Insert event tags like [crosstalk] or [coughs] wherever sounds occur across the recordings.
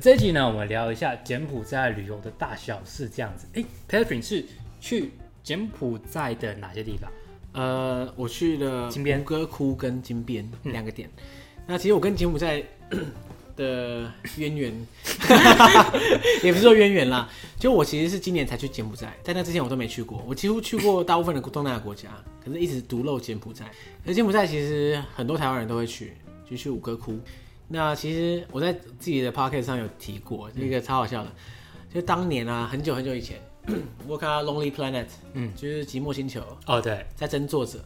這集呢，我們聊一下柬埔寨旅遊的大小事這樣子。哎、欸、，Patrick 是去柬埔寨的哪些地方？呃，我去了吳哥窟跟金邊兩個點。那其實我跟柬埔寨的淵源， [laughs] [laughs] 也不是說淵源啦，就我其實是今年才去柬埔寨，但那之前我都沒去過。我幾乎去過大部分的東南亞國家，可是一直獨漏柬埔寨。而柬埔寨其實很多台灣人都會去，就去吳哥窟。那其實我在自己的 podcast 上有提過這個超好笑的，就當年啊，很久很久以前，我看他 Lonely Planet》，嗯，就是《寂寞星球》哦，對，在徵作者，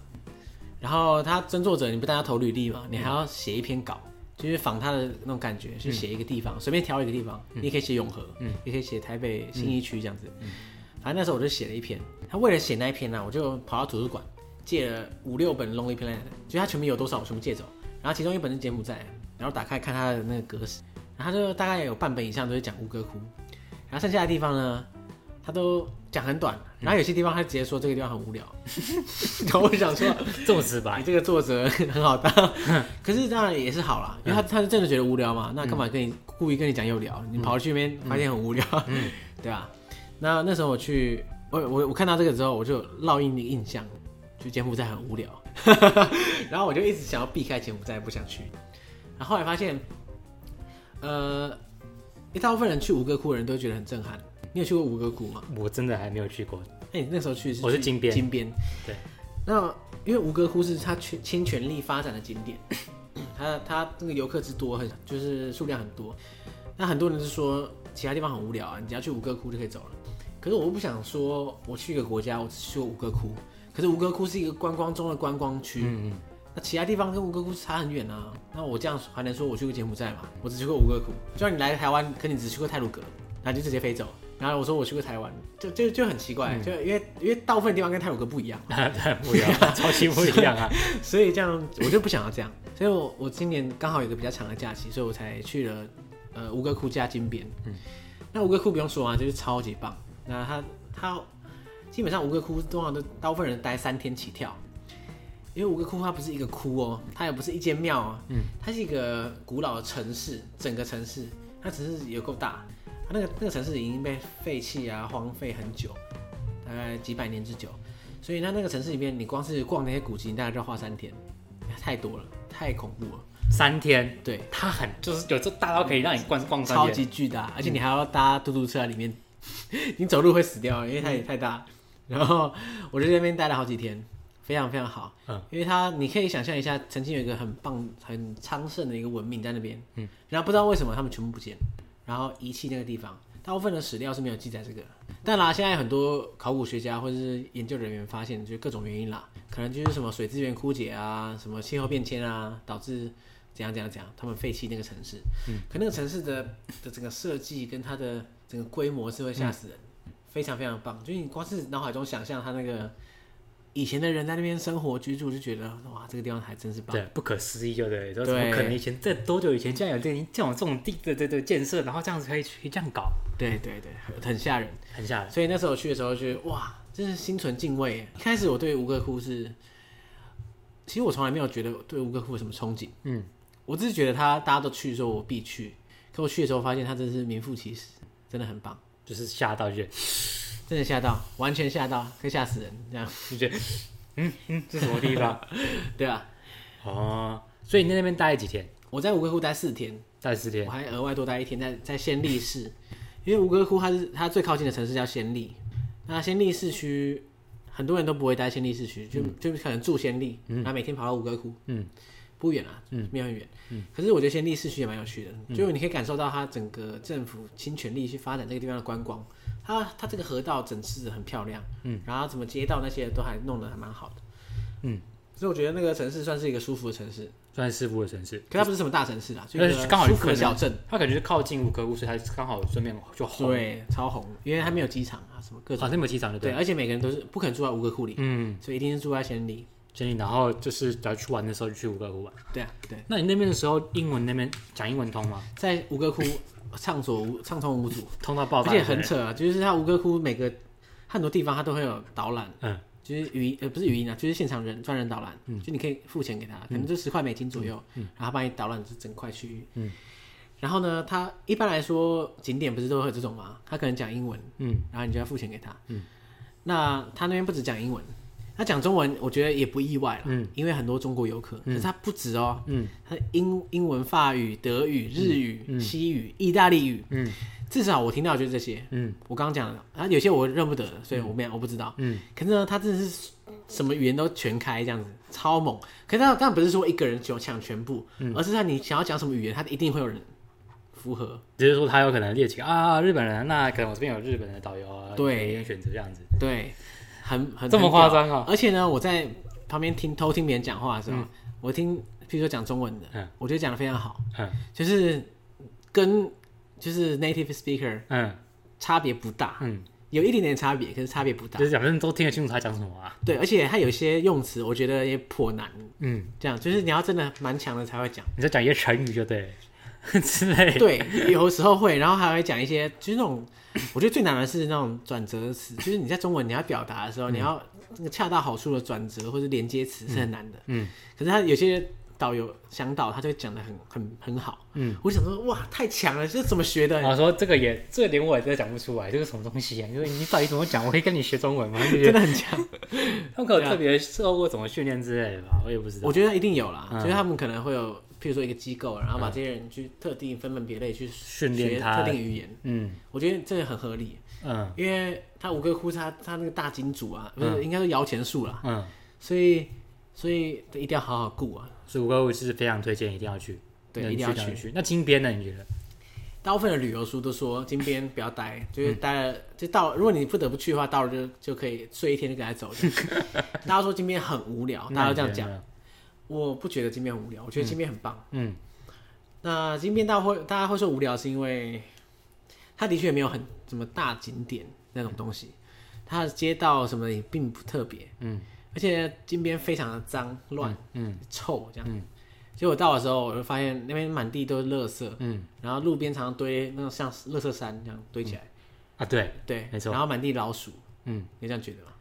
然後他徵作者，你不但要投履歷嘛，你還要寫一篇稿，就是仿他的那種感覺、嗯、去寫一個地方、嗯，隨便挑一個地方，嗯、你也可以寫永和，嗯，你也可以寫台北信義區這樣子。反、嗯、正、嗯啊、那時候我就寫了一篇。他為了寫那一篇呢、啊，我就跑到圖書館借了五六本《Lonely Planet》，就他全部有多少，我全部借走，然後其中一本是柬埔寨。嗯然後打開看他的那個格式，然後他就大概有半本以上都是講吳哥窟，然後剩下的地方呢，他都講很短，然後有些地方他直接說這個地方很無聊。嗯、然後我想說 [laughs] 這麼直白，你這個作者很好當，可是當然也是好啦，因為他、嗯、他是真的覺得無聊嘛，那幹嘛跟你、嗯、故意跟你講有聊，你跑去那邊發現、嗯、很無聊，嗯、 [laughs] 對吧？那那時候我去我我我看到這個之後，我就烙印的印象，就柬埔寨很無聊， [laughs] 然後我就一直想要避開柬埔寨，不想去。然後後來發現，呃，一大部分人去吳哥窟的人都會覺得很震撼。你有去過吳哥窟嗎？我真的還沒有去過。哎、欸，那時候去是去我是金邊，金邊。對。那因為吳哥窟是它全傾全力發展的景點， [coughs] 它它那個遊客之多很就是數量很多。那很多人是說其他地方很無聊啊，你只要去吳哥窟就可以走了。可是我又不想說我去一個國家，我只去過吳哥窟。可是吳哥窟是一個觀光中的觀光區。嗯嗯。那其他地方跟吳哥窟差很遠啊！那我這樣還能說我去過柬埔寨嗎？我只去過吳哥窟。就像你來台灣，可你只去過泰魯閣，那就直接飛走。然後我說我去過台灣，就就就很奇怪，嗯、就因為因為大部分地方跟泰魯閣不一樣、啊，對、嗯， [laughs] 不一樣，超級不一樣啊！ [laughs] 所、以所以這樣我就不想要這樣。所以我我今年剛好有一個比較長的假期，所以我才去了呃吳哥窟加金邊。嗯，那吳哥窟不用說啊，就是超級棒。那他他、他基本上吳哥窟通常都大部分人待三天起跳。因為吳哥窟、窟它不是一個窟哦，它也不是一間廟啊。嗯，它是一個古老的城市，整個城市，它城市也有夠大，它那個那個城市已經被廢棄啊，荒廢很久，大概幾百年之久，所以它那個城市裡面，你光是逛那些古蹟，你大概就要花三天，太多了，太恐怖了，三天，對，它很就是有這大到可以讓你逛逛三天，超級巨大，而且你還要搭嘟嘟車裡面，嗯、 [laughs] 你走路會死掉，因為它也太大，然後我就在那邊待了好幾天。非常非常好，嗯，因為它你可以想象一下，曾經有一個很棒、很昌盛的一個文明在那邊，嗯，然後不知道為什麼他們全部不見，然後遺棄那個地方。大部分的史料是沒有記載這個，但啦、啊，現在很多考古學家或者是研究人員發現，就是各種原因啦，可能就是什麼水資源枯竭啊，什麼氣候變遷啊，導致怎樣怎樣怎樣，他們廢棄那個城市。嗯，可那個城市的的整個設計跟它的整個規模是會嚇死人，嗯，非常非常棒，就你光是腦海中想象它那個。嗯。以前的人在那邊生活居住，就覺得哇，這個地方還真是棒，對，不可思議就對，對不對？對，怎麼可能？以前在多久以前這樣，竟然有這種這種地，對對對，建設，然後這樣子可以可以這樣搞，對對對，很嚇人，很嚇人。所以那時候我去的時候，覺得哇，真是心存敬畏。一開始我對吳哥窟是，其實我從來沒有覺得對吳哥窟有什麼憧憬，嗯，我只是覺得他大家都去的時候我必去，可我去的時候發現他真是名副其實，真的很棒，就是嚇到就覺得。真的嚇到，完全嚇到，可以嚇死人這樣。你覺得，嗯嗯，這什麼地方？ [laughs] 對啊。哦，所以你在那邊待了幾天？嗯、我在吳哥窟待四天，待四天，我還額外多待一天在，在在暹粒市， [laughs] 因為吳哥窟它是它最靠近的城市叫暹粒。那暹粒市區很多人都不會待暹粒市區，就、嗯、就可能住暹粒，然後每天跑到吳哥窟，嗯，不遠啊，嗯，沒有很遠。嗯。可是我覺得暹粒市區也蠻有趣的，就你可以感受到它整個政府傾全力去發展這個地方的觀光。啊，它這個河道整治很漂亮，嗯，然後什麼街道那些都還弄得還蠻好的，嗯，所以我覺得那個城市算是一個舒服的城市，算是舒服的城市。可它不是什麼大城市啊，就是就一個小鎮，它感覺靠近吳哥窟，所以它剛好順便就紅了，對，超紅，因為它沒有機場啊，嗯、什麼各種，好、啊、像沒有機場就對，對，而且每個人都是不可能住在吳哥窟裡，嗯，所以一定是住在暹粒，暹粒，然後就是要去玩的時候就去吳哥窟玩，啊，對啊，對，那你那邊的時候英文那邊講英文通嗎？在吳哥窟。 [laughs] 暢所無暢通無阻， [laughs] 通到爆。而且很扯啊，欸，就是他吳哥窟每個很多地方他都會有導覽，嗯，就是語音呃不是語音啊，就是現場人專人導覽，嗯，就你可以付錢給他，可能就十塊美金左右，嗯，然後幫你導覽這整塊區域，嗯，然後呢，他一般來說景點不是都會有這種嗎？他可能講英文，嗯，然後你就要付錢給他，嗯，那他那邊不只講英文。他講中文，我覺得也不意外了，嗯，因為很多中國遊客、嗯。可是他不止哦、喔，嗯，他英、英文、法語、德語、日語、嗯、西語、意、嗯、大利語，嗯，至少我聽到就是這些，嗯，我剛剛講的，啊，有些我認不得，所以我沒有、嗯、我不知道嗯，嗯，可是呢，他真的是什麼語言都全開這樣子，超猛。可是他當然不是說一個人就搶全部、嗯，而是他你想要講什麼語言，他一定會有人符合。只、就是說他有可能列幾個啊，日本人、啊，那可能我這邊有日本的導遊啊，對，可以選擇這樣子，對。很很這麼誇張啊！而且呢，我在旁邊聽偷聽別人講話的時候、嗯，我聽，譬如說講中文的，嗯、我覺得講的非常好，嗯、就是跟就是 native speaker，嗯，差別不大，嗯，有一點點差別，可是差別不大，就是兩個人都聽得清楚他講什麼啊。對，而且他有些用詞，我覺得也頗難，嗯，這樣就是你要真的蠻強的才會講、嗯，你再講一個成語就對了。之類，對，有時候會，然後還會講一些，就是那種，我覺得最難的是那種轉折詞， [coughs] 就是你在中文你要表達的時候、嗯，你要那個恰到好處的轉折或是連接詞是很難的，嗯。嗯，可是他有些導遊想導，他就講的很很很好。嗯，我想說，哇，太強了，這是怎麼學的？我說這個也，這個、連我也真的講不出來，這個什麼東西？啊？因、就、為、是、你到底怎麼講？我可以跟你學中文嗎？就是、 [coughs] 真的很強， [laughs] 他們可能特別受過怎麼訓練之類的吧，我也不知道。我覺得一定有啦、嗯，所以他們可能會有。譬如說一個機構，然後把這些人去特定分門別類、嗯、去訓練特定語言，嗯，我覺得這個很合理，嗯，因為他吳哥窟他他那個大金主啊，嗯、不是應該是搖錢樹啦、啊、嗯，所以所以一定要好好顧啊，所以吳哥窟是非常推薦一定要去，去，對，一定要去去。那金邊呢？你覺得？大部分的旅遊書都說金邊不要呆， [laughs] 就是待了就到了，如果你不得不去的話，到了就就可以睡一天就給他走。 [laughs] 大家說金邊很無聊，大家都這樣講。我不覺得金邊無聊，我覺得金邊很棒。嗯，嗯，那金邊大家會大家會說無聊，是因為它的確沒有很什麼大景點那種東西，它的街道什麼也並不特別。嗯，而且金邊非常的髒亂、嗯，嗯，臭這樣。嗯，結果到的時候，我就發現那邊滿地都是垃圾，嗯，然後路邊常常堆那種、個、像垃圾山這樣堆起來。嗯、啊，對，對，沒錯。然後滿地老鼠，嗯，你這樣覺得嗎？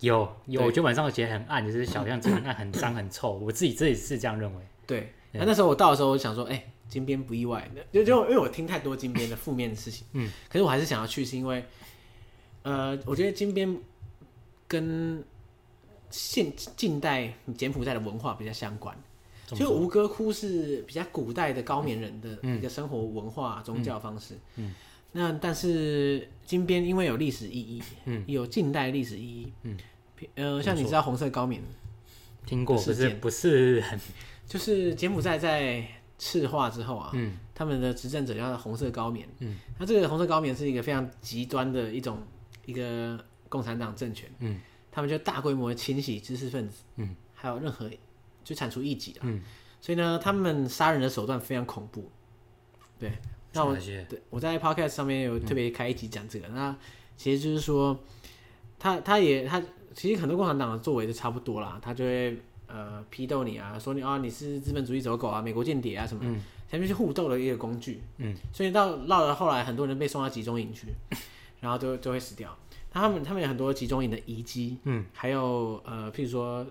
有有，我覺得晚上的街很暗，就是小巷子很暗，暗 [coughs] 很髒很臭，我自己這裡 [coughs] 是這樣認為對。對，那那時候我到的時候，我想說，哎、欸，金邊不意外的、嗯，就就因為我聽太多金邊的負面的事情，嗯，可是我還是想要去，是因為，呃，我覺得金邊跟現近代柬埔寨的文化比較相關，就吳哥窟是比較古代的高棉人的、嗯嗯、一個生活文化宗教方式嗯，嗯，那但是金邊因為有歷史意義，嗯，有近代歷史意義，嗯。嗯呃，像你知道紅色高棉，聽過不是不是很？就是柬埔寨在赤化之後啊，嗯，他們的執政者叫做紅色高棉，嗯，那這個紅色高棉是一個非常極端的一種一個共產黨政權，嗯，他們就大規模的清洗知識分子，嗯，還有任何就鏟除異己的啊，嗯，所以呢，他們殺人的手段非常恐怖，對，那我對我在 podcast 上面有特別開一集講這個，嗯，那其實就是說他他也他。其實很多共產黨的作為都差不多啦，他就會、呃、批鬥你啊，說你啊你是資本主義走狗啊，美國間諜啊什麼的，其實，嗯，就是互鬥的一個工具。嗯，所以到鬧到後來，很多人被送到集中營去， [laughs] 然後就就會死掉。那他們他們有很多集中營的遺跡，嗯，還有呃譬如說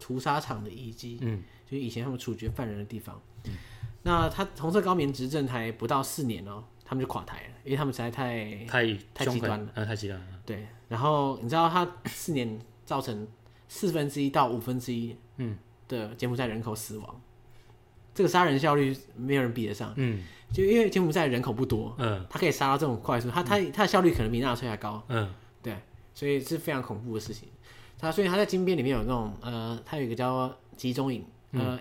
屠殺場的遺跡，嗯，就是以前他們處決犯人的地方。嗯、那他紅色高棉執政才不到四年哦、喔，他們就垮台了，因為他們實在太太太極端了，呃，太極端了，對。然後你知道，他四年造成四分之一到五分之一的柬埔寨人口死亡，嗯，這個殺人效率沒有人比得上。嗯，就因為柬埔寨人口不多，嗯、呃，他可以殺到這種快速，他、嗯、他他的效率可能比納粹還高。嗯、呃，對，所以是非常恐怖的事情。他所以他在金邊裡面有那種呃，他有一個叫集中營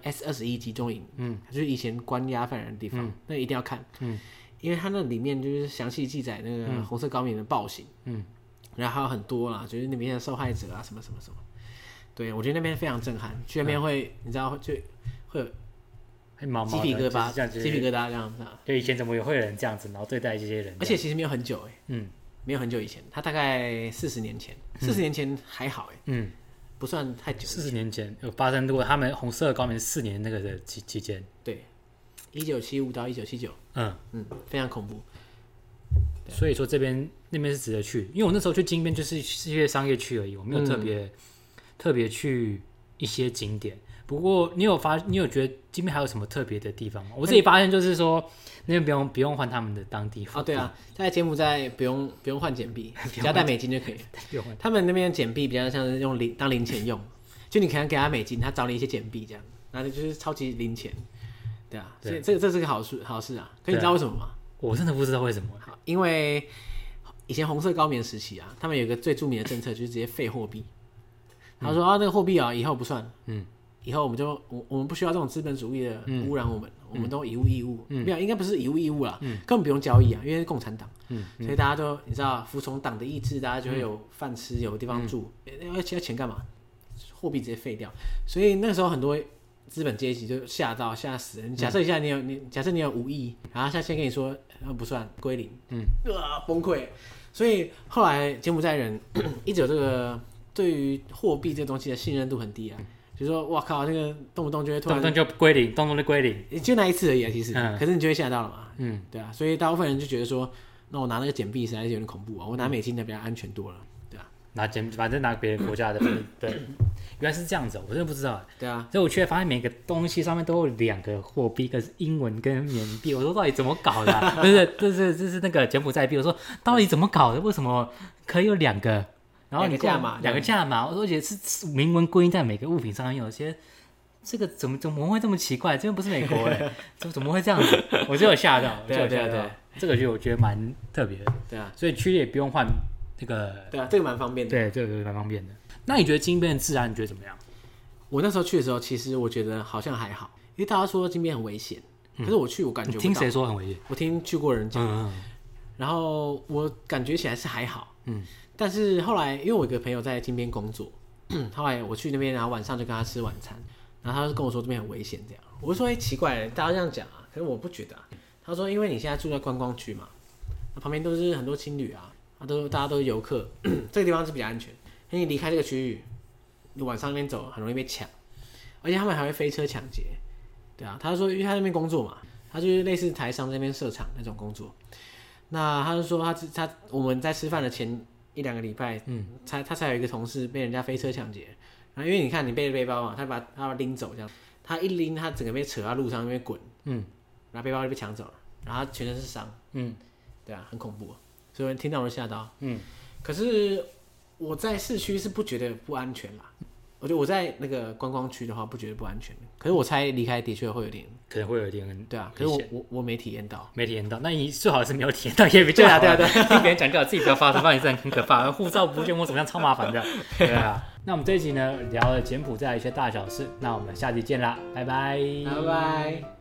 ，S 二十一集中營，嗯，就是以前關押犯人的地方，嗯，那一定要看，嗯，因為他那裡面就是詳細記載那個紅色高棉的暴行，嗯。嗯然後還有很多啦，就是那邊的受害者啊，什麼什麼什麼，對，我覺得那邊非常震撼。去那邊會，嗯、你知道，就會會毛雞皮疙瘩，雞皮疙瘩、就是就是啊、這樣子。對，以前怎麼也會有人這樣子，然後對待這些人這？而且其實沒有很久哎、欸，嗯，沒有很久以前，他大概四十年前，四、嗯、十年前還好哎、欸，嗯，不算太久。四十年前有發生過他們紅色高棉四年那個的期期間，對，一九七五到一九七九，嗯嗯，非常恐怖。所以說這邊那邊是值得去，因為我那時候去金邊就是一些商業區而已，我沒有特別、嗯、特別去一些景點。不過你有發，你有覺得金邊還有什麼特別的地方嗎、啊？我自己發現就是說，那邊不用不用換他們的當地啊、哦，對啊，在柬埔寨不用不用換柬幣，只要帶美金就可以。 [laughs] 不用換，他們那邊的柬幣比較像是用零當零錢用， [laughs] 就你可能給他美金，他找你一些柬幣這樣，那那就是超級零錢，對啊，對所以這個、這是個好事好事啊。啊可你知道為什麼嗎？我真的不知道為什麼。因為以前紅色高棉時期啊，他們有一個最著名的政策 [coughs] 就是直接廢貨幣。他說、嗯、啊，那個貨幣啊，以後不算嗯，以後我們就我我們不需要這種資本主義的污染，我們、嗯、我們都以物易物。嗯，沒有，應該不是以物易物啦，根、嗯、本不用交易啊，因為是共產黨嗯。嗯，所以大家都你知道，服從黨的意志，大家就會有飯吃、嗯，有地方住、嗯。要錢幹嘛？貨幣直接廢掉。所以那時候很多。資本階級就嚇到嚇死人，假設一下你有、嗯、你，假設你有五億，然後下線跟你說，那不算歸零，嗯，哇、啊、崩潰，所以後來柬埔寨人咳咳一直有這個對於貨幣這東西的信任度很低啊，就說哇靠，這、那個動不動就會突然動動就歸零，動不動就歸零，就那一次而已啊，其實、嗯，可是你就會嚇到了嘛，嗯，對啊，所以大部分人就覺得說，那我拿那個柬幣實在是有點恐怖啊，我拿美金的比較安全多了。嗯拿柬，反正拿別的國家的，對， [coughs] 原來是這樣子、喔，我真的不知道。對啊，所以我去發現每個東西上面都有兩個貨幣，一個是英文跟緬幣。我說到底怎麼搞的、啊？ [laughs] 不是，這、就是這、就是那個柬埔寨幣。我說到底怎麼搞的？為什麼可以有兩個？然後你價碼，兩個價碼。我說而且是明文規定在每個物品上面。我說這個怎麼怎麼會這麼奇怪？這邊不是美國的，怎 [laughs] 怎麼會這樣子？我就有嚇到， [laughs] 對、啊、對、啊、對、啊、對、啊、對、啊、對啊，這個就我覺得蠻特別的。對啊，所以區裡也不用換。那個對啊，這個蠻方便的。對，這個蠻方便的。那你覺得金邊的治安你覺得怎麼樣？我那時候去的時候，其實我覺得好像還好，因為大家說金邊很危險，可是我去我感覺、嗯、聽誰說很危險？我聽去過人講、嗯嗯，然後我感覺起來是還好，嗯。但是後來因為我一個朋友在金邊工作、嗯，後來我去那邊，然後晚上就跟他吃晚餐，然後他就跟我說這邊很危險這樣。我就說哎、欸、奇怪，大家這樣講啊，可是我不覺得啊。他說因為你現在住在觀光區嘛，那旁邊都是很多青旅啊。都大家都是遊客， [coughs] 這個地方是比較安全。因為你離開這個區域，你晚上那邊走很容易被搶，而且他們還會飛車搶劫。對啊，他就說，因為他那邊工作嘛，他就是類似台商那邊設廠那種工作。那他就說他，他他我們在吃飯的前一兩個禮拜，嗯，才他才有一個同事被人家飛車搶劫。然後因為你看你背着背包嘛，他把他把拎走這樣，他一拎他整個被扯到路上，那邊滾，嗯，然後背包就被搶走了，然後他全身是傷，嗯，對啊，很恐怖。所以聽到我都嚇到，嗯，可是我在市區是不覺得不安全嘛，嗯？我覺得我在那個觀光區的話不覺得不安全，可是我猜離開的確會有點，可能會有點，對啊，可是我我我沒體驗到，沒體驗到，到，那你最好是沒有體驗到也，啊，也比較對啊對啊對，對，對， [laughs] 聽別人講過，自己不要發生， [laughs] 不然很可怕，護照不見我怎麼樣 [laughs] 超麻煩這樣，對啊。 [laughs] 那我們這一集呢，聊了柬埔寨來一些大小事，那我們下集見啦，拜拜，拜拜。